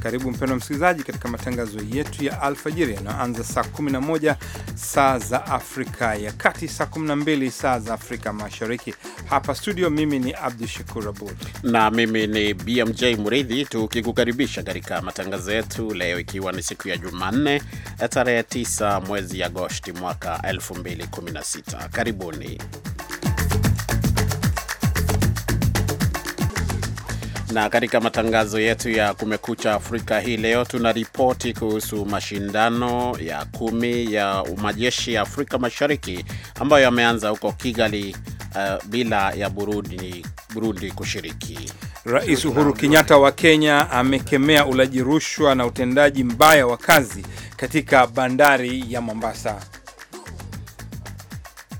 Karibu mpendwa msikilizaji, katika matangazo yetu ya alfajiri yanayoanza saa 11 saa za Afrika ya Kati, saa 12 saa za Afrika Mashariki. Hapa studio, mimi ni Abdu Shakur Abud na mimi ni BMJ Muridhi, tukikukaribisha katika matangazo yetu leo, ikiwa ni siku ya Jumanne tarehe 9 mwezi Agosti mwaka 2016. Karibuni. Na katika matangazo yetu ya Kumekucha Afrika hii leo tuna ripoti kuhusu mashindano ya kumi ya majeshi ya Afrika Mashariki ambayo yameanza huko Kigali, uh, bila ya Burundi, Burundi kushiriki. Rais Uhuru Kenyatta wa Kenya amekemea ulaji rushwa na utendaji mbaya wa kazi katika bandari ya Mombasa.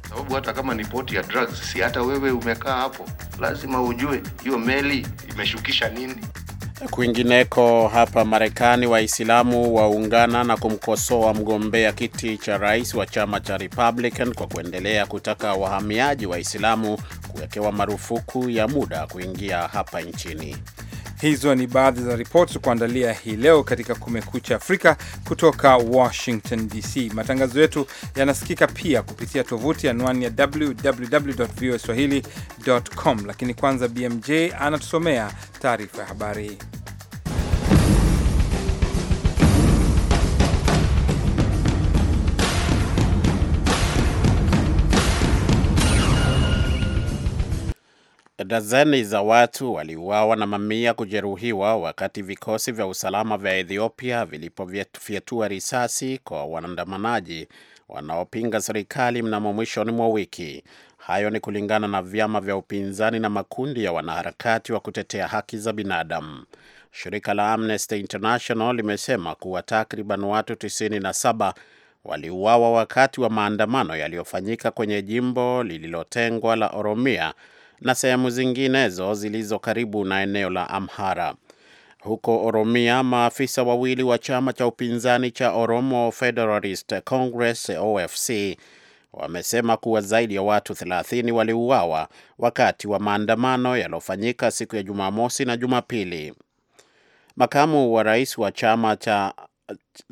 Sababu hata kama ni poti ya drugs, si hata wewe umekaa hapo lazima ujue hiyo meli imeshukisha nini. Kwingineko hapa Marekani, Waislamu waungana na kumkosoa mgombea kiti cha rais wa chama cha Republican kwa kuendelea kutaka wahamiaji Waislamu kuwekewa marufuku ya muda kuingia hapa nchini. Hizo ni baadhi za ripoti kuandalia hii leo katika Kumekucha Afrika kutoka Washington DC. Matangazo yetu yanasikika pia kupitia tovuti anwani ya www voa swahilicom com, lakini kwanza BMJ anatusomea taarifa ya habari. Dazeni za watu waliuawa na mamia kujeruhiwa wakati vikosi vya usalama vya Ethiopia vilipofyatua risasi kwa waandamanaji wanaopinga serikali mnamo mwishoni mwa wiki. Hayo ni kulingana na vyama vya upinzani na makundi ya wanaharakati wa kutetea haki za binadamu. Shirika la Amnesty International limesema kuwa takriban watu 97 waliuawa wakati wa maandamano yaliyofanyika kwenye jimbo lililotengwa la Oromia na sehemu zinginezo zilizo karibu na eneo la Amhara. Huko Oromia, maafisa wawili wa chama cha upinzani cha Oromo Federalist Congress OFC wamesema kuwa zaidi ya watu 30 waliuawa wakati wa maandamano yaliyofanyika siku ya Jumamosi na Jumapili. Makamu wa rais wa chama cha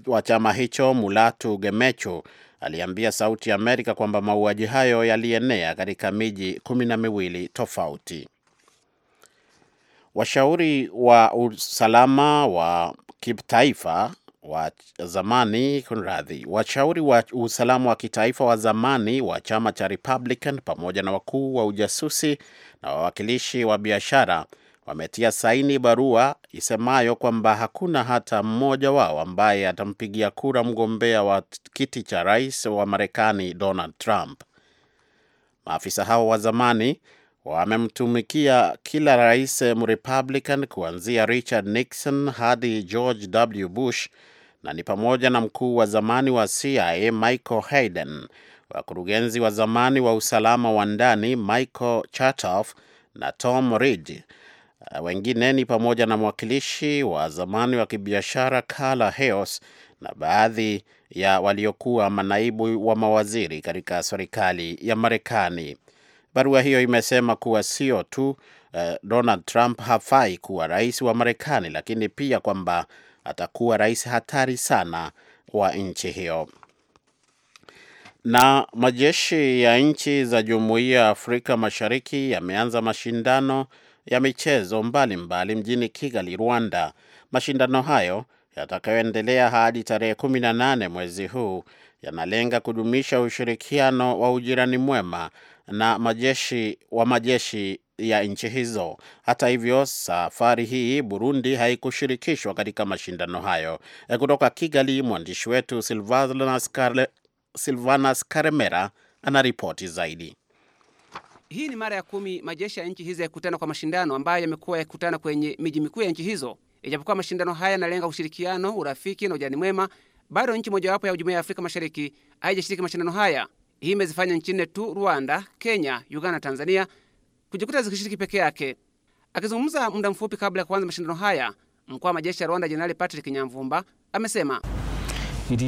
wa chama hicho Mulatu Gemechu aliambia Sauti ya Amerika kwamba mauaji hayo yalienea katika miji kumi na miwili tofauti. Washauri wa usalama wa kitaifa wa zamani kunradhi, washauri wa usalama wa kitaifa wa zamani wa chama cha Republican pamoja na wakuu wa ujasusi na wawakilishi wa biashara wametia saini barua isemayo kwamba hakuna hata mmoja wao ambaye atampigia kura mgombea wa kiti cha rais wa Marekani Donald Trump. Maafisa hao wa zamani wamemtumikia kila rais Mrepublican kuanzia Richard Nixon hadi George W. Bush na ni pamoja na mkuu wa zamani wa CIA Michael Hayden, wakurugenzi wa zamani wa usalama wa ndani Michael Chertoff na Tom Ridge Uh, wengine ni pamoja na mwakilishi wa zamani wa kibiashara Kala Heos na baadhi ya waliokuwa manaibu wa mawaziri katika serikali ya Marekani. Barua hiyo imesema kuwa sio tu uh, Donald Trump hafai kuwa rais wa Marekani, lakini pia kwamba atakuwa rais hatari sana wa nchi hiyo. Na majeshi ya nchi za Jumuiya ya Afrika Mashariki yameanza mashindano ya michezo mbalimbali mbali mjini Kigali, Rwanda. Mashindano hayo yatakayoendelea hadi tarehe nane mwezi huu yanalenga kudumisha ushirikiano wa ujirani mwema na majeshi wa majeshi ya nchi hizo. Hata hivyo, safari hii Burundi haikushirikishwa katika mashindano hayo. E, kutoka Kigali, mwandishi wetu Silvanas Karemera ana ripoti zaidi. Hii ni mara ya kumi majeshi ya nchi hizi yakutana kwa mashindano ambayo yamekuwa yakikutana kwenye miji mikuu ya nchi hizo. Ijapokuwa mashindano haya yanalenga ushirikiano, urafiki na ujani mwema, bado nchi mojawapo ya jumuiya ya Afrika Mashariki haijashiriki mashindano haya. Hii imezifanya nchi nne tu, Rwanda, Kenya, Uganda na Tanzania, kujikuta zikishiriki peke yake. Akizungumza muda mfupi kabla ya kuanza mashindano haya, mkuu wa majeshi ya Rwanda Jenerali Patrick Nyamvumba amesema uh,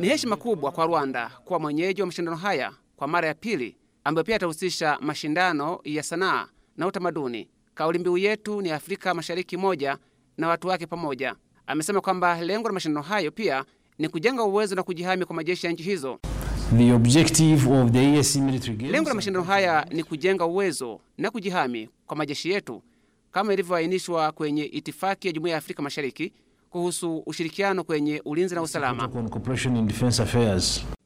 ni heshima kubwa kwa Rwanda kuwa mwenyeji wa mashindano haya kwa mara ya pili ambayo pia atahusisha mashindano ya sanaa na utamaduni. Kauli mbiu yetu ni Afrika Mashariki moja na watu wake pamoja. Amesema kwamba lengo la mashindano hayo pia ni kujenga uwezo na kujihami kwa majeshi ya nchi hizo. The objective of the military games. Lengo la mashindano haya ni kujenga uwezo na kujihami kwa majeshi yetu kama ilivyoainishwa kwenye itifaki ya Jumuiya ya Afrika Mashariki kuhusu ushirikiano kwenye ulinzi na usalama.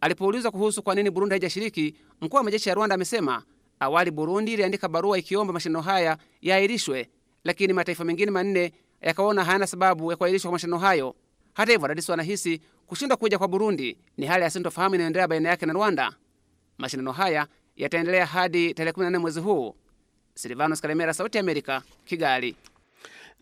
Alipoulizwa kuhusu kwa nini Burundi haijashiriki, mkuu wa majeshi ya Rwanda amesema awali Burundi iliandika barua ikiomba mashindano haya yaahirishwe, lakini mataifa mengine manne yakaona hayana sababu ya kuahirishwa kwa mashindano hayo. Hata hivyo, wadadisi wanahisi kushindwa kuja kwa Burundi ni hali ya sintofahamu inayoendelea baina yake na Rwanda. Mashindano haya yataendelea hadi tarehe 14 mwezi huu. Silvanos Karemera, Sauti ya Amerika, Kigali.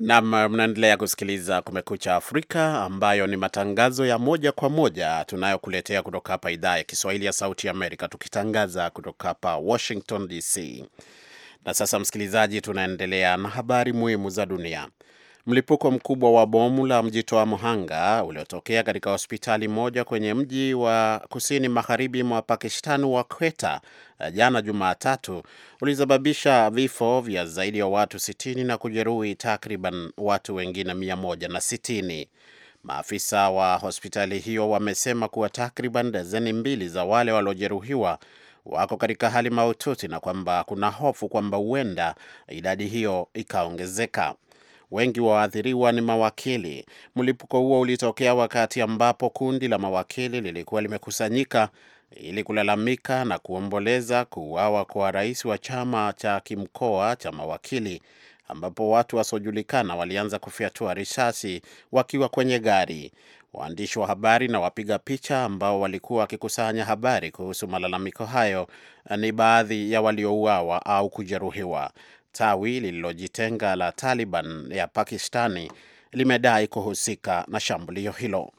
Nam, mnaendelea kusikiliza Kumekucha Afrika, ambayo ni matangazo ya moja kwa moja tunayokuletea kutoka hapa idhaa ya Kiswahili ya Sauti Amerika, tukitangaza kutoka hapa Washington DC. Na sasa, msikilizaji, tunaendelea na habari muhimu za dunia. Mlipuko mkubwa wa bomu la mjitoa mhanga uliotokea katika hospitali moja kwenye mji wa kusini magharibi mwa Pakistan wa Kweta eh, jana Jumatatu ulisababisha vifo vya zaidi ya watu 60 na kujeruhi takriban watu wengine 160. Maafisa wa hospitali hiyo wamesema kuwa takriban dazeni mbili za wale waliojeruhiwa wako katika hali mahututi na kwamba kuna hofu kwamba huenda idadi hiyo ikaongezeka. Wengi wa waathiriwa ni mawakili. Mlipuko huo ulitokea wakati ambapo kundi la mawakili lilikuwa limekusanyika ili kulalamika na kuomboleza kuuawa kwa rais wa chama cha kimkoa cha mawakili, ambapo watu wasiojulikana walianza kufyatua risasi wakiwa kwenye gari. Waandishi wa habari na wapiga picha ambao walikuwa wakikusanya habari kuhusu malalamiko hayo ni baadhi ya waliouawa au kujeruhiwa tawi lililojitenga la Taliban ya Pakistani limedai kuhusika na shambulio hilo.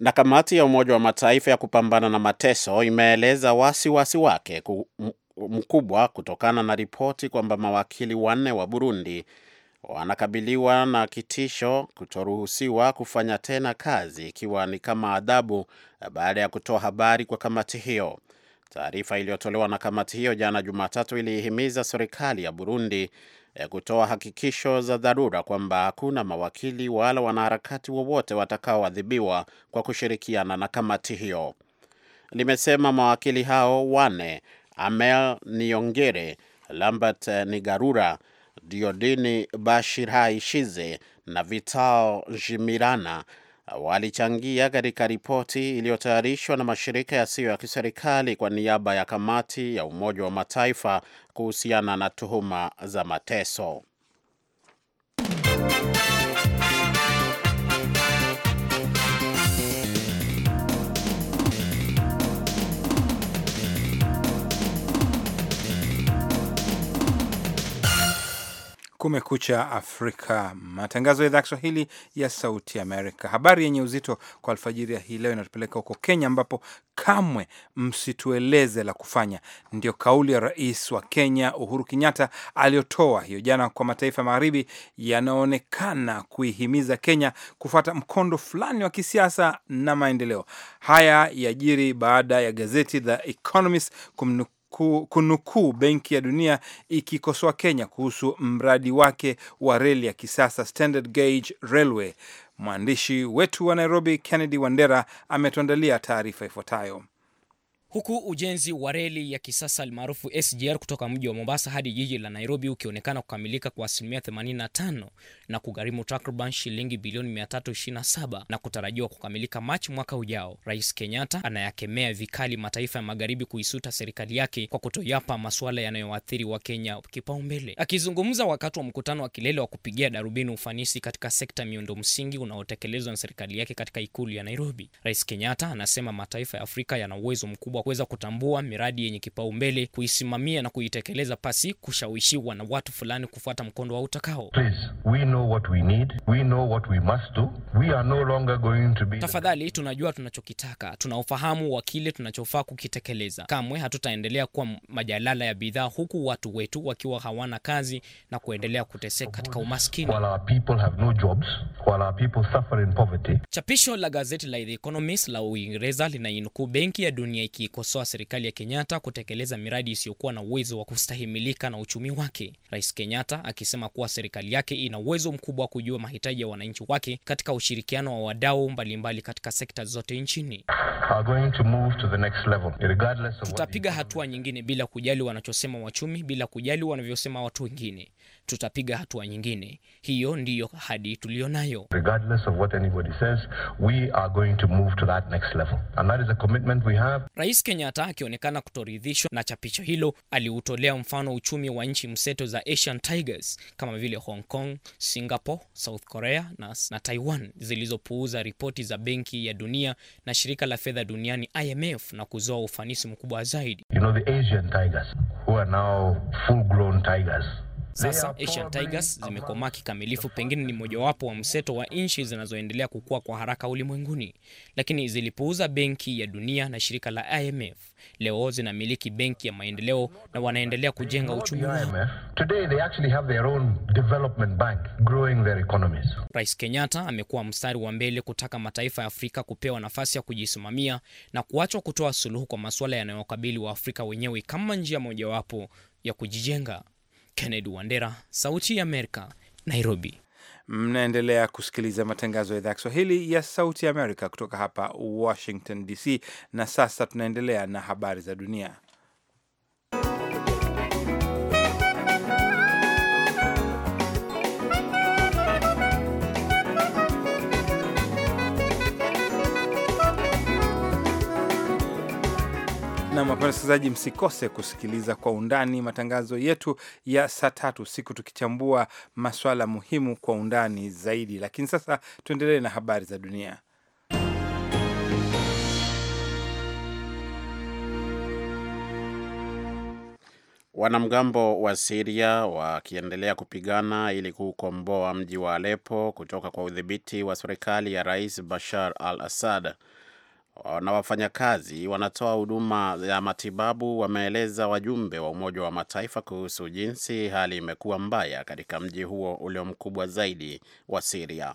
Na kamati ya Umoja wa Mataifa ya kupambana na mateso imeeleza wasiwasi wake mkubwa kutokana na ripoti kwamba mawakili wanne wa Burundi wanakabiliwa na kitisho kutoruhusiwa kufanya tena kazi ikiwa ni kama adhabu baada ya kutoa habari kwa kamati hiyo. Taarifa iliyotolewa na kamati hiyo jana Jumatatu iliihimiza serikali ya Burundi eh, kutoa hakikisho za dharura kwamba hakuna mawakili wala wanaharakati wowote watakaoadhibiwa kwa kushirikiana na kamati hiyo. Limesema mawakili hao wane, Amel Niongere, Lambert Nigarura, Diodini bashirai shize na Vital Jimirana walichangia katika ripoti iliyotayarishwa na mashirika yasiyo ya kiserikali kwa niaba ya kamati ya Umoja wa Mataifa kuhusiana na tuhuma za mateso. Kumekucha Afrika, matangazo ya idhaa Kiswahili ya Sauti Amerika. Habari yenye uzito kwa alfajiri ya hii leo inatupeleka huko Kenya, ambapo kamwe msitueleze la kufanya, ndio kauli ya rais wa Kenya Uhuru Kenyatta aliyotoa hiyo jana kwa mataifa magharibi yanaonekana kuihimiza Kenya kufuata mkondo fulani wa kisiasa na maendeleo. Haya yajiri baada ya gazeti The Economist kumnukuu kunukuu Benki ya Dunia ikikosoa Kenya kuhusu mradi wake wa reli ya kisasa Standard Gauge Railway. Mwandishi wetu wa Nairobi Kennedy Wandera ametuandalia taarifa ifuatayo huku ujenzi wa reli ya kisasa almaarufu SGR kutoka mji wa Mombasa hadi jiji la Nairobi ukionekana kukamilika kwa asilimia 85 na kugharimu takriban shilingi bilioni 327 na kutarajiwa kukamilika Machi mwaka ujao. Rais Kenyatta anayakemea vikali mataifa ya magharibi kuisuta serikali yake kwa kutoyapa masuala yanayoathiri kenya kipaumbele. Akizungumza wakati wa mkutano wa kilele wa kupigia darubini ufanisi katika sekta miundo msingi unaotekelezwa na serikali yake katika ikulu ya Nairobi, Rais Kenyatta anasema mataifa ya Afrika yana uwezo mkubwa kuweza kutambua miradi yenye kipaumbele, kuisimamia na kuitekeleza pasi kushawishiwa na watu fulani kufuata mkondo wa utakao. Tafadhali, tunajua tunachokitaka, tuna ufahamu wa kile tunachofaa kukitekeleza. Kamwe hatutaendelea kuwa majalala ya bidhaa, huku watu wetu wakiwa hawana kazi na kuendelea kuteseka katika umaskini. Chapisho la gazeti la The Economist la Uingereza linainukuu Benki ya Dunia iki aliikosoa serikali ya Kenyatta kutekeleza miradi isiyokuwa na uwezo wa kustahimilika na uchumi wake, Rais Kenyatta akisema kuwa serikali yake ina uwezo mkubwa wa kujua mahitaji ya wananchi wake katika ushirikiano wa wadau mbalimbali katika sekta zote nchini. Tutapiga hatua nyingine bila kujali wanachosema wachumi, bila kujali wanavyosema watu wengine tutapiga hatua nyingine. Hiyo ndiyo hadi tuliyo nayo. Rais Kenyatta akionekana kutoridhishwa na chapisho hilo, aliutolea mfano uchumi wa nchi mseto za Asian Tigers kama vile Hong Kong, Singapore, South Korea na, na Taiwan zilizopuuza ripoti za Benki ya Dunia na Shirika la Fedha Duniani IMF na kuzoa ufanisi mkubwa zaidi. You know, the Asian Tigers, who are now full-grown tigers. Sasa Asian Tigers zimekomaa kikamilifu, pengine ni mojawapo wa mseto wa nchi zinazoendelea kukua kwa haraka ulimwenguni, lakini zilipuuza Benki ya Dunia na shirika la IMF. Leo zinamiliki benki ya maendeleo na wanaendelea kujenga uchumi wao. Rais Kenyatta amekuwa mstari wa mbele kutaka mataifa ya Afrika kupewa nafasi ya kujisimamia na kuachwa kutoa suluhu kwa masuala yanayokabili Waafrika wenyewe kama njia mojawapo ya kujijenga. Kennedy Wandera, Sauti ya Amerika, Nairobi. Mnaendelea kusikiliza matangazo ya idhaa ya Kiswahili ya Sauti ya Amerika kutoka hapa Washington DC, na sasa tunaendelea na habari za dunia. Nam wapenda wasikilizaji, msikose kusikiliza kwa undani matangazo yetu ya saa tatu siku tukichambua maswala muhimu kwa undani zaidi. Lakini sasa tuendelee na habari za dunia. Wanamgambo wa Siria wakiendelea kupigana ili kuukomboa mji wa Alepo kutoka kwa udhibiti wa serikali ya Rais Bashar al Assad na wafanyakazi wanatoa huduma ya matibabu wameeleza wajumbe wa Umoja wa Mataifa kuhusu jinsi hali imekuwa mbaya katika mji huo ulio mkubwa zaidi wa Siria.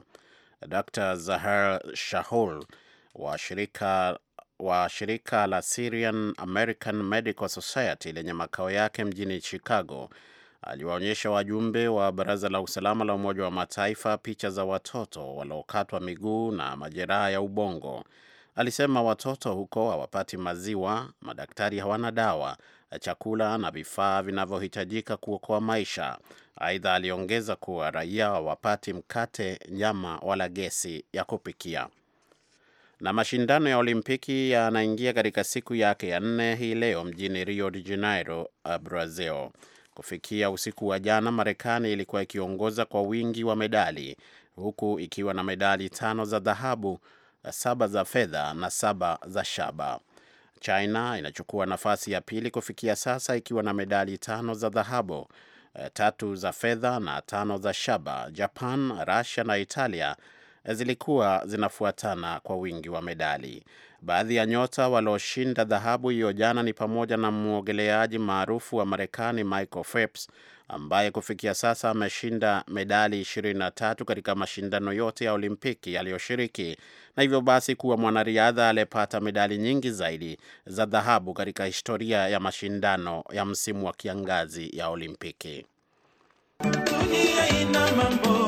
Dr Zahar Shahul wa shirika wa shirika la Syrian American Medical Society lenye makao yake mjini Chicago aliwaonyesha wajumbe wa Baraza la Usalama la Umoja wa Mataifa picha za watoto waliokatwa miguu na majeraha ya ubongo alisema watoto huko hawapati maziwa, madaktari hawana dawa, chakula na vifaa vinavyohitajika kuokoa maisha. Aidha, aliongeza kuwa raia hawapati mkate, nyama wala gesi ya kupikia. Na mashindano ya Olimpiki yanaingia katika siku yake ya nne hii leo mjini Rio de Janeiro, eh, Brazil. Kufikia usiku wa jana, Marekani ilikuwa ikiongoza kwa wingi wa medali huku ikiwa na medali tano za dhahabu saba za fedha na saba za shaba. China inachukua nafasi ya pili kufikia sasa ikiwa na medali tano za dhahabu, eh, tatu za fedha na tano za shaba. Japan, Russia na Italia eh, zilikuwa zinafuatana kwa wingi wa medali. Baadhi ya nyota walioshinda dhahabu hiyo jana ni pamoja na mwogeleaji maarufu wa Marekani Michael Phelps ambaye kufikia sasa ameshinda medali 23 katika mashindano yote ya Olimpiki yaliyoshiriki na hivyo basi kuwa mwanariadha aliyepata medali nyingi zaidi za dhahabu katika historia ya mashindano ya msimu wa kiangazi ya Olimpiki. Dunia ina mambo,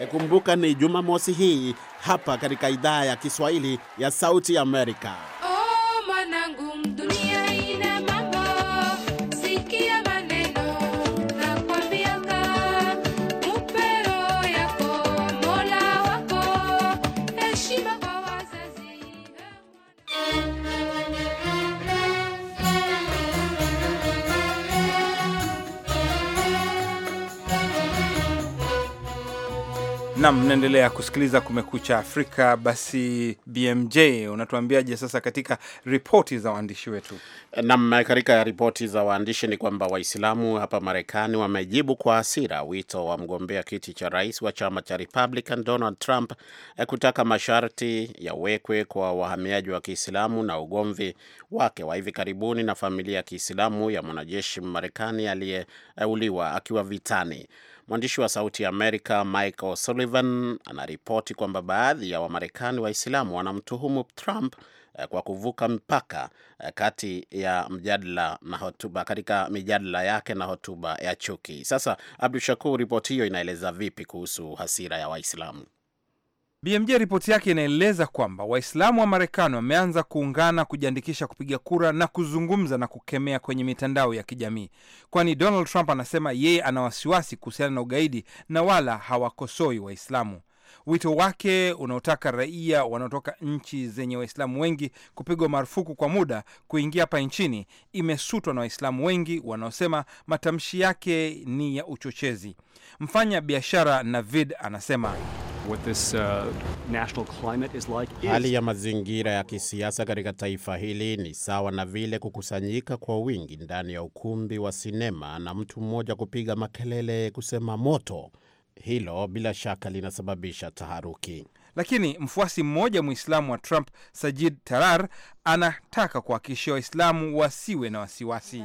Ekumbuka ni Jumamosi hii hapa katika idhaa ya Kiswahili ya Sauti Amerika. Oh, Nam, mnaendelea kusikiliza Kumekucha Afrika. Basi BMJ, unatuambiaje sasa katika ripoti za waandishi wetu? Nam, katika ripoti za waandishi ni kwamba Waislamu hapa Marekani wamejibu kwa hasira wito wa mgombea kiti cha rais wa chama cha Republican Donald Trump eh, kutaka masharti yawekwe kwa wahamiaji wa Kiislamu na ugomvi wake wa hivi karibuni na familia ya Kiislamu ya mwanajeshi Marekani aliyeuliwa akiwa vitani. Mwandishi wa Sauti ya Amerika Michael Sullivan anaripoti kwamba baadhi ya Wamarekani Waislamu wanamtuhumu Trump eh, kwa kuvuka mpaka eh, kati ya mjadala na hotuba katika mijadala yake na hotuba ya chuki. Sasa Abdu Shakur, ripoti hiyo inaeleza vipi kuhusu hasira ya Waislamu? BMJ ripoti yake inaeleza kwamba Waislamu wa Marekani wameanza kuungana kujiandikisha kupiga kura na kuzungumza na kukemea kwenye mitandao ya kijamii, kwani Donald Trump anasema yeye ana wasiwasi kuhusiana na ugaidi na wala hawakosoi Waislamu. Wito wake unaotaka raia wanaotoka nchi zenye Waislamu wengi kupigwa marufuku kwa muda kuingia hapa nchini imesutwa na Waislamu wengi wanaosema matamshi yake ni ya uchochezi. Mfanya biashara Navid anasema What this, uh, national climate is like is... Hali ya mazingira ya kisiasa katika taifa hili ni sawa na vile kukusanyika kwa wingi ndani ya ukumbi wa sinema na mtu mmoja kupiga makelele kusema moto. Hilo bila shaka linasababisha taharuki. Lakini mfuasi mmoja Mwislamu wa Trump, Sajid Tarar, anataka kuhakikishia Waislamu wasiwe na wasiwasi.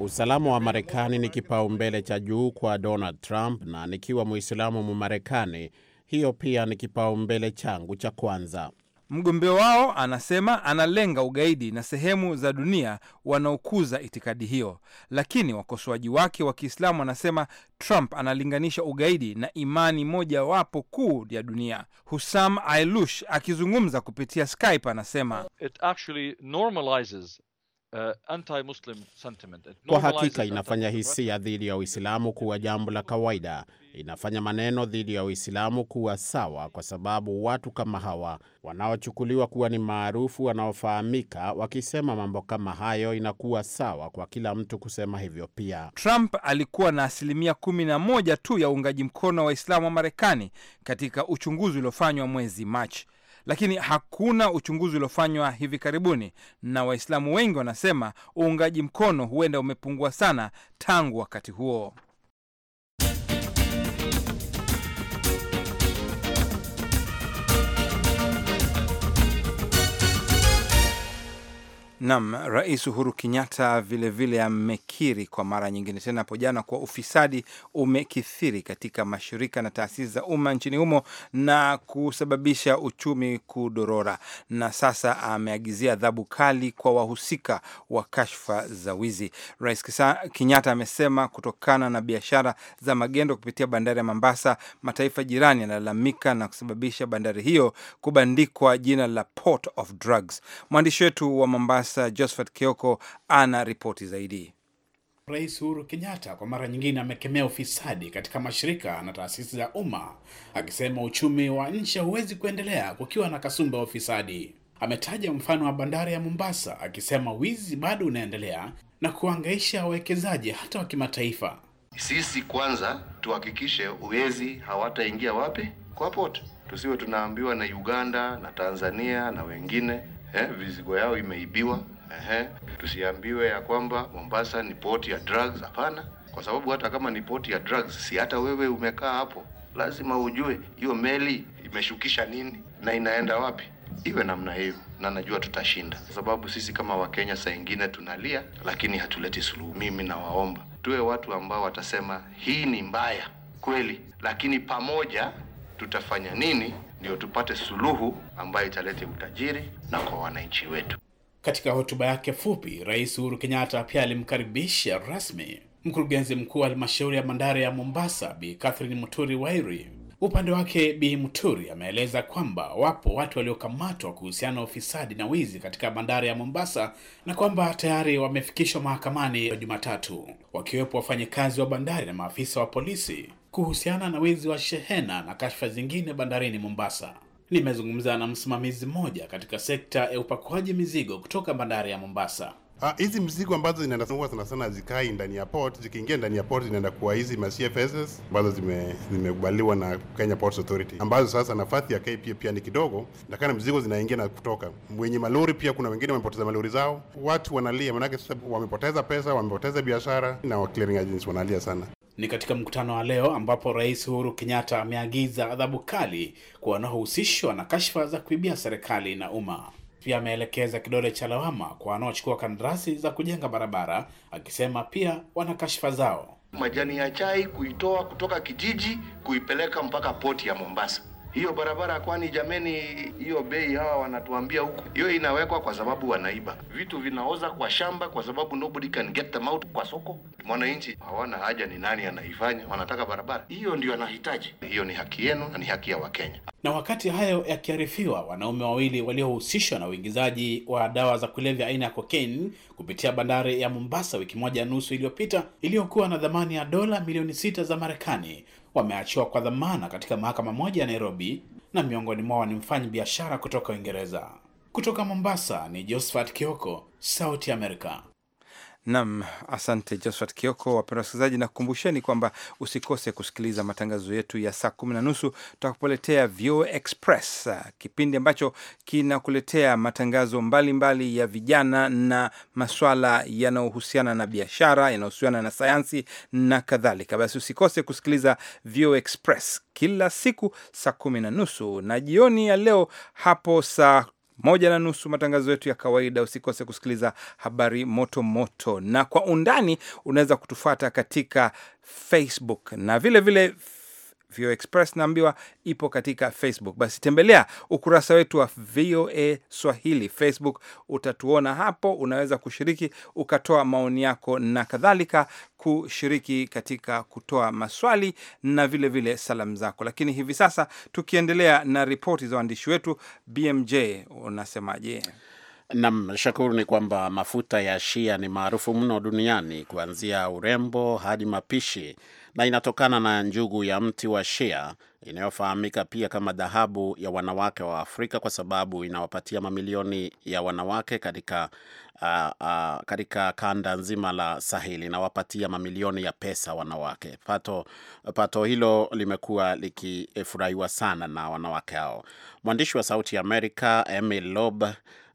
Usalama wa Marekani ni kipaumbele cha juu kwa Donald Trump, na nikiwa Mwislamu Mmarekani, hiyo pia ni kipaumbele changu cha kwanza. Mgombea wao anasema analenga ugaidi na sehemu za dunia wanaokuza itikadi hiyo, lakini wakosoaji wake wa Kiislamu wanasema Trump analinganisha ugaidi na imani mojawapo kuu ya dunia. Hussam Ailush akizungumza kupitia Skype anasema It actually normalizes Uh, kwa hakika inafanya hisia dhidi ya Uislamu kuwa jambo la kawaida, inafanya maneno dhidi ya Uislamu kuwa sawa, kwa sababu watu kama hawa wanaochukuliwa kuwa ni maarufu, wanaofahamika, wakisema mambo kama hayo, inakuwa sawa kwa kila mtu kusema hivyo pia. Trump alikuwa na asilimia kumi na moja tu ya uungaji mkono wa Waislamu wa Marekani katika uchunguzi uliofanywa mwezi Machi lakini hakuna uchunguzi uliofanywa hivi karibuni, na Waislamu wengi wanasema uungaji mkono huenda umepungua sana tangu wakati huo. Nam Rais Uhuru Kenyatta vilevile amekiri kwa mara nyingine tena hapo jana kuwa ufisadi umekithiri katika mashirika na taasisi za umma nchini humo na kusababisha uchumi kudorora, na sasa ameagizia adhabu kali kwa wahusika wa kashfa za wizi. Rais Kenyatta amesema kutokana na biashara za magendo kupitia bandari ya Mombasa, mataifa jirani yanalalamika na kusababisha bandari hiyo kubandikwa jina la Port of Drugs. Mwandishi wetu wa Mombasa Mombasa, Josphat Kioko ana ripoti zaidi. Rais Uhuru Kenyatta kwa mara nyingine amekemea ufisadi katika mashirika na taasisi za umma akisema uchumi wa nchi hauwezi kuendelea kukiwa na kasumba ya ufisadi. Ametaja mfano wa bandari ya Mombasa akisema wizi bado unaendelea na kuangaisha wawekezaji hata wa kimataifa. Sisi kwanza tuhakikishe wezi hawataingia wapi kwa port, tusiwe tunaambiwa na Uganda na Tanzania na wengine eh, vizigo yao imeibiwa. Eh, tusiambiwe ya kwamba Mombasa ni poti ya drugs. Hapana, kwa sababu hata kama ni poti ya drugs, si hata wewe umekaa hapo, lazima ujue hiyo meli imeshukisha nini na inaenda wapi. Iwe namna hiyo, na najua tutashinda, kwa sababu sisi kama Wakenya saa ingine tunalia, lakini hatuleti suluhu. Mimi nawaomba tuwe watu ambao watasema hii ni mbaya kweli, lakini pamoja tutafanya nini ndio tupate suluhu ambayo italete utajiri na kwa wananchi wetu. Katika hotuba yake fupi, Rais Uhuru Kenyatta pia alimkaribisha rasmi mkurugenzi mkuu wa halmashauri ya bandari ya Mombasa, Bi Catherine Muturi Wairi. Upande wake Bi Muturi ameeleza kwamba wapo watu waliokamatwa kuhusiana na ufisadi na wizi katika bandari ya Mombasa na kwamba tayari wamefikishwa mahakamani Jumatatu, wakiwepo wafanyikazi wa bandari na maafisa wa polisi kuhusiana na wizi wa shehena na kashfa zingine bandarini Mombasa. Nimezungumza na msimamizi mmoja katika sekta ya upakuaji mizigo kutoka bandari ya Mombasa. Ah, hizi mzigo ambazo zinaenda sana sana zikai ndani ya port, zikiingia ndani ya port zinaenda kuwa hizi ma ambazo zimekubaliwa zime na Kenya Ports Authority, ambazo sasa nafasi ya KPA pia ni kidogo, nakana mzigo zinaingia na kutoka. Wenye malori pia kuna wengine wamepoteza malori zao, watu wanalia, manake sasa wamepoteza pesa, wamepoteza biashara na wa clearing agents wanalia sana. Ni katika mkutano wa leo ambapo Rais Uhuru Kenyatta ameagiza adhabu kali kwa wanaohusishwa na kashfa za kuibia serikali na umma. Pia ameelekeza kidole cha lawama kwa wanaochukua kandarasi za kujenga barabara, akisema pia wana kashfa zao. Majani ya chai kuitoa kutoka kijiji kuipeleka mpaka poti ya Mombasa hiyo barabara, kwani jameni, hiyo bei hawa wanatuambia huku, hiyo inawekwa kwa sababu wanaiba vitu, vinaoza kwa shamba kwa sababu nobody can get them out kwa soko. Mwananchi hawana haja, ni nani anaifanya, wanataka barabara hiyo, ndio anahitaji. Hiyo ni haki yenu na ni haki ya Wakenya. Na wakati hayo yakiarifiwa, wanaume wawili waliohusishwa na uingizaji wa dawa za kulevya aina ya cocaine kupitia bandari ya Mombasa wiki moja nusu iliyopita iliyokuwa na dhamani ya dola milioni sita za Marekani wameachiwa kwa dhamana katika mahakama moja ya Nairobi, na miongoni mwao ni mfanyi biashara kutoka Uingereza. Kutoka Mombasa ni Josephat Kioko, Sauti ya Amerika. Nam, asante josat Kioko. Wapenda wasikilizaji, nakukumbusheni kwamba usikose kusikiliza matangazo yetu ya saa kumi na nusu tutakupoletea VOA Express, kipindi ambacho kinakuletea matangazo mbalimbali mbali ya vijana na maswala yanayohusiana na biashara, yanayohusiana na sayansi na kadhalika. Basi usikose kusikiliza VOA Express kila siku saa kumi na nusu na jioni ya leo hapo saa moja na nusu matangazo yetu ya kawaida. Usikose kusikiliza habari moto moto, na kwa undani unaweza kutufata katika Facebook na vilevile vile VOA Express naambiwa ipo katika Facebook. Basi tembelea ukurasa wetu wa VOA Swahili Facebook, utatuona hapo. Unaweza kushiriki ukatoa maoni yako na kadhalika, kushiriki katika kutoa maswali na vilevile salamu zako. Lakini hivi sasa tukiendelea na ripoti za waandishi wetu, BMJ unasemaje? Nam shakuru ni kwamba mafuta ya shia ni maarufu mno duniani kuanzia urembo hadi mapishi, na inatokana na njugu ya mti wa shia inayofahamika pia kama dhahabu ya wanawake wa Afrika kwa sababu inawapatia mamilioni ya wanawake katika, uh, uh, katika kanda nzima la Sahili, inawapatia mamilioni ya pesa wanawake. Pato, pato hilo limekuwa likifurahiwa sana na wanawake hao. Mwandishi wa Sauti ya Amerika Emil Lob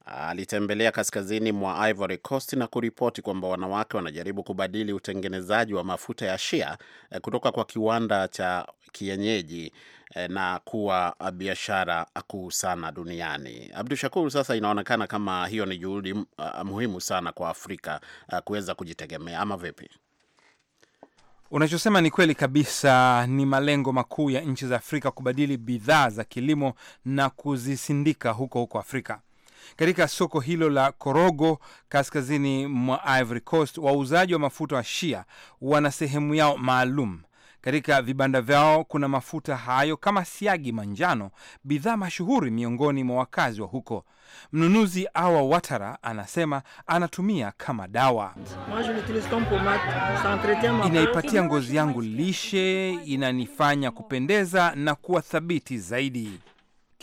alitembelea kaskazini mwa Ivory Coast na kuripoti kwamba wanawake wanajaribu kubadili utengenezaji wa mafuta ya shea eh, kutoka kwa kiwanda cha kienyeji eh, na kuwa ah, biashara kuu sana duniani. Abdu Shakur, sasa inaonekana kama hiyo ni juhudi ah, muhimu sana kwa Afrika ah, kuweza kujitegemea ama vipi? Unachosema ni kweli kabisa. Ni malengo makuu ya nchi za Afrika kubadili bidhaa za kilimo na kuzisindika huko huko Afrika katika soko hilo la Korogo kaskazini mwa Ivory Coast. Wauzaji wa mafuta wa Shia wana sehemu yao maalum katika vibanda vyao. Kuna mafuta hayo kama siagi manjano, bidhaa mashuhuri miongoni mwa wakazi wa huko. Mnunuzi Awa Watara anasema anatumia kama dawa. Inaipatia ngozi yangu lishe, inanifanya kupendeza na kuwa thabiti zaidi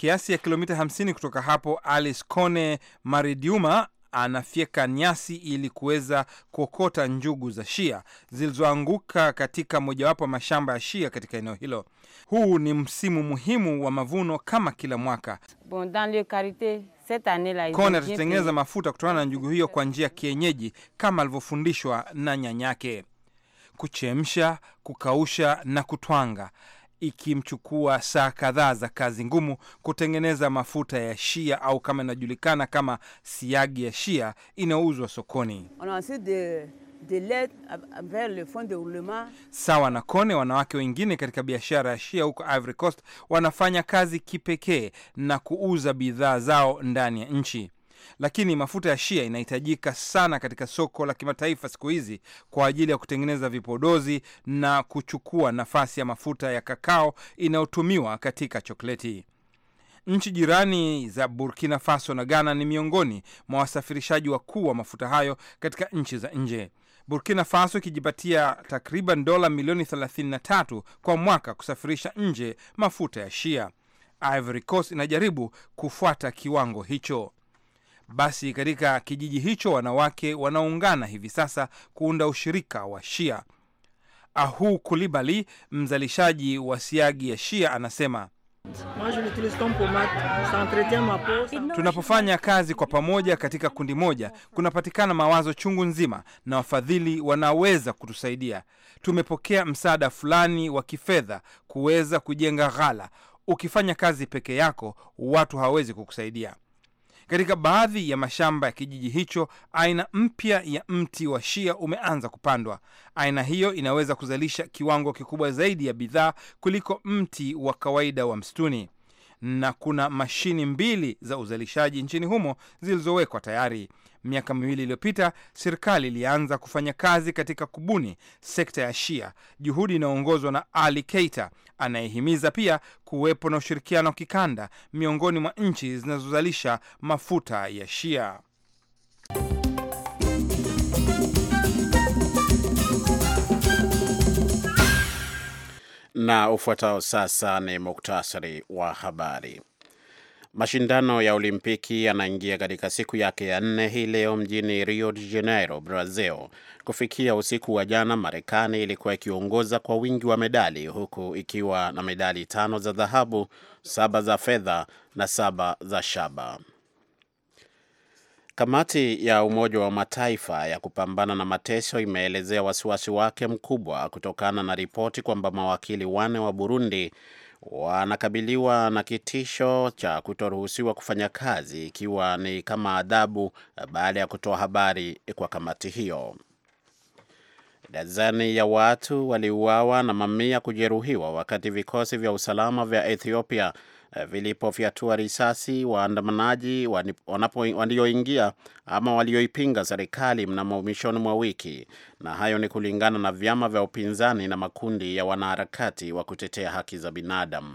kiasi ya kilomita 50 kutoka hapo. Alice Cone Maridiuma anafyeka nyasi ili kuweza kuokota njugu za shia zilizoanguka katika mojawapo ya mashamba ya shia katika eneo hilo. Huu ni msimu muhimu wa mavuno kama kila mwaka. Bon, Kone atatengeneza mafuta kutokana na njugu hiyo kwa njia ya kienyeji kama alivyofundishwa na nyanyake: kuchemsha, kukausha na kutwanga ikimchukua saa kadhaa za kazi ngumu kutengeneza mafuta ya shia au kama inajulikana kama siagi ya shia inayouzwa sokoni. Sawa na Kone, wanawake wengine katika biashara ya shia huko Ivory Coast wanafanya kazi kipekee na kuuza bidhaa zao ndani ya nchi lakini mafuta ya shia inahitajika sana katika soko la kimataifa siku hizi kwa ajili ya kutengeneza vipodozi na kuchukua nafasi ya mafuta ya kakao inayotumiwa katika chokoleti. Nchi jirani za Burkina Faso na Ghana ni miongoni mwa wasafirishaji wakuu wa mafuta hayo katika nchi za nje. Burkina Faso ikijipatia takriban dola milioni 33 kwa mwaka kusafirisha nje mafuta ya shia. Ivory Coast inajaribu kufuata kiwango hicho. Basi katika kijiji hicho wanawake wanaungana hivi sasa kuunda ushirika wa Shia. Ahu Kulibali, mzalishaji wa siagi ya Shia, anasema Tunapofanya kazi kwa pamoja katika kundi moja, kunapatikana mawazo chungu nzima na wafadhili wanaweza kutusaidia. Tumepokea msaada fulani wa kifedha kuweza kujenga ghala. Ukifanya kazi peke yako, watu hawawezi kukusaidia. Katika baadhi ya mashamba ya kijiji hicho, aina mpya ya mti wa shia umeanza kupandwa. Aina hiyo inaweza kuzalisha kiwango kikubwa zaidi ya bidhaa kuliko mti wa kawaida wa msituni na kuna mashini mbili za uzalishaji nchini humo zilizowekwa tayari. Miaka miwili iliyopita, serikali ilianza kufanya kazi katika kubuni sekta ya Shia, juhudi inayoongozwa na Ali Keita anayehimiza pia kuwepo na ushirikiano wa kikanda miongoni mwa nchi zinazozalisha mafuta ya Shia. Na ufuatao sasa ni muktasari wa habari. Mashindano ya Olimpiki yanaingia katika siku yake ya nne hii leo mjini Rio de Janeiro, Brazil. Kufikia usiku wa jana, Marekani ilikuwa ikiongoza kwa wingi wa medali, huku ikiwa na medali tano za dhahabu, saba za fedha na saba za shaba. Kamati ya Umoja wa Mataifa ya kupambana na mateso imeelezea wasiwasi wake mkubwa kutokana na ripoti kwamba mawakili wane wa Burundi wanakabiliwa na kitisho cha kutoruhusiwa kufanya kazi ikiwa ni kama adhabu baada ya kutoa habari kwa kamati hiyo. Dazani ya watu waliuawa na mamia kujeruhiwa wakati vikosi vya usalama vya Ethiopia vilipofyatua risasi waandamanaji walioingia ama walioipinga serikali mnamo mwishoni mwa wiki, na hayo ni kulingana na vyama vya upinzani na makundi ya wanaharakati wa kutetea haki za binadamu.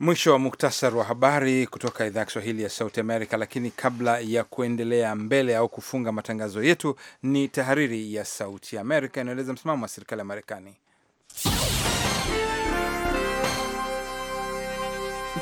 Mwisho wa muktasar wa habari kutoka idhaa ya Kiswahili ya Sauti Amerika. Lakini kabla ya kuendelea mbele au kufunga matangazo yetu, ni tahariri ya Sauti Amerika inaeleza msimamo wa serikali ya Marekani.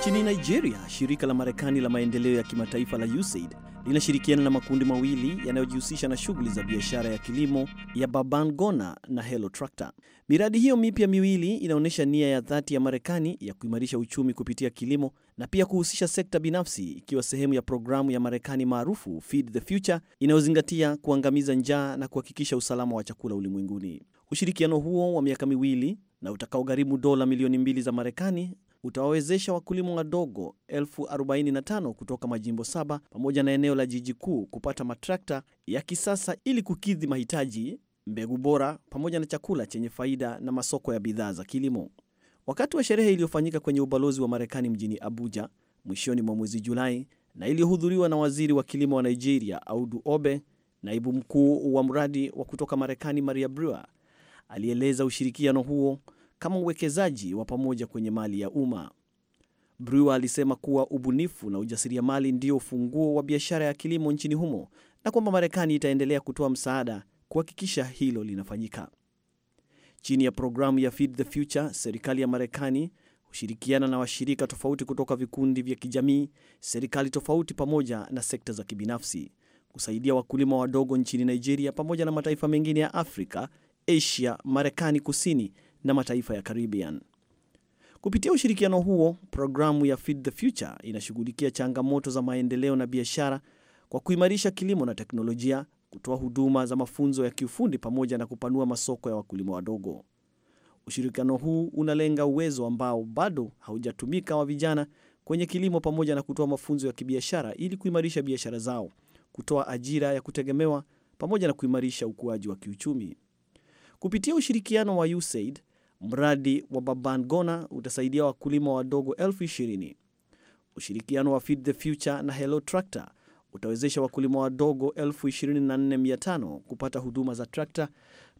Nchini Nigeria, shirika la Marekani la maendeleo ya kimataifa la USAID linashirikiana na makundi mawili yanayojihusisha na shughuli za biashara ya kilimo ya Babangona na Hello Tractor. Miradi hiyo mipya miwili inaonyesha nia ya dhati ya Marekani ya kuimarisha uchumi kupitia kilimo na pia kuhusisha sekta binafsi, ikiwa sehemu ya programu ya Marekani maarufu Feed the Future inayozingatia kuangamiza njaa na kuhakikisha usalama wa chakula ulimwenguni. Ushirikiano huo wa miaka miwili na utakaogharimu dola milioni mbili za Marekani utawawezesha wakulima wadogo 45 kutoka majimbo saba pamoja na eneo la jiji kuu kupata matrakta ya kisasa ili kukidhi mahitaji, mbegu bora, pamoja na chakula chenye faida na masoko ya bidhaa za kilimo. Wakati wa sherehe iliyofanyika kwenye ubalozi wa Marekani mjini Abuja mwishoni mwa mwezi Julai na iliyohudhuriwa na waziri wa kilimo wa Nigeria Audu Obe, naibu mkuu wa mradi wa kutoka Marekani Maria Brewer alieleza ushirikiano huo kama uwekezaji wa pamoja kwenye mali ya umma. Brewer alisema kuwa ubunifu na ujasiriamali ndio ufunguo wa biashara ya kilimo nchini humo na kwamba Marekani itaendelea kutoa msaada kuhakikisha hilo linafanyika. Chini ya programu ya Feed the Future, serikali ya Marekani hushirikiana na washirika tofauti kutoka vikundi vya kijamii, serikali tofauti, pamoja na sekta za kibinafsi kusaidia wakulima wadogo nchini Nigeria pamoja na mataifa mengine ya Afrika, Asia, Marekani Kusini na mataifa ya Caribbean. Kupitia ushirikiano huo, programu ya Feed the Future inashughulikia changamoto za maendeleo na biashara kwa kuimarisha kilimo na teknolojia, kutoa huduma za mafunzo ya kiufundi pamoja na kupanua masoko ya wakulima wadogo. Ushirikiano huu unalenga uwezo ambao bado haujatumika wa vijana kwenye kilimo pamoja na kutoa mafunzo ya kibiashara ili kuimarisha biashara zao, kutoa ajira ya kutegemewa pamoja na kuimarisha ukuaji wa kiuchumi. Kupitia ushirikiano wa USAID, Mradi wa Babangona utasaidia wakulima wadogo elfu ishirini. Ushirikiano wa Feed the Future na Hello Tractor utawezesha wakulima wadogo 24500 kupata huduma za trakta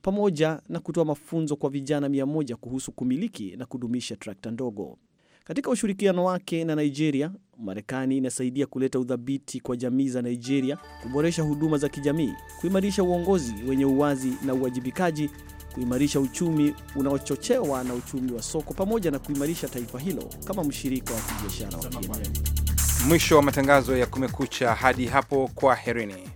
pamoja na kutoa mafunzo kwa vijana moja kuhusu kumiliki na kudumisha trakta ndogo. Katika ushirikiano wake na Nigeria, Marekani inasaidia kuleta udhabiti kwa jamii za Nigeria, kuboresha huduma za kijamii, kuimarisha uongozi wenye uwazi na uwajibikaji kuimarisha uchumi unaochochewa na uchumi wa soko pamoja na kuimarisha taifa hilo kama mshirika wa kibiashara wa kieneo. Mwisho wa matangazo ya Kumekucha hadi hapo, kwa herini.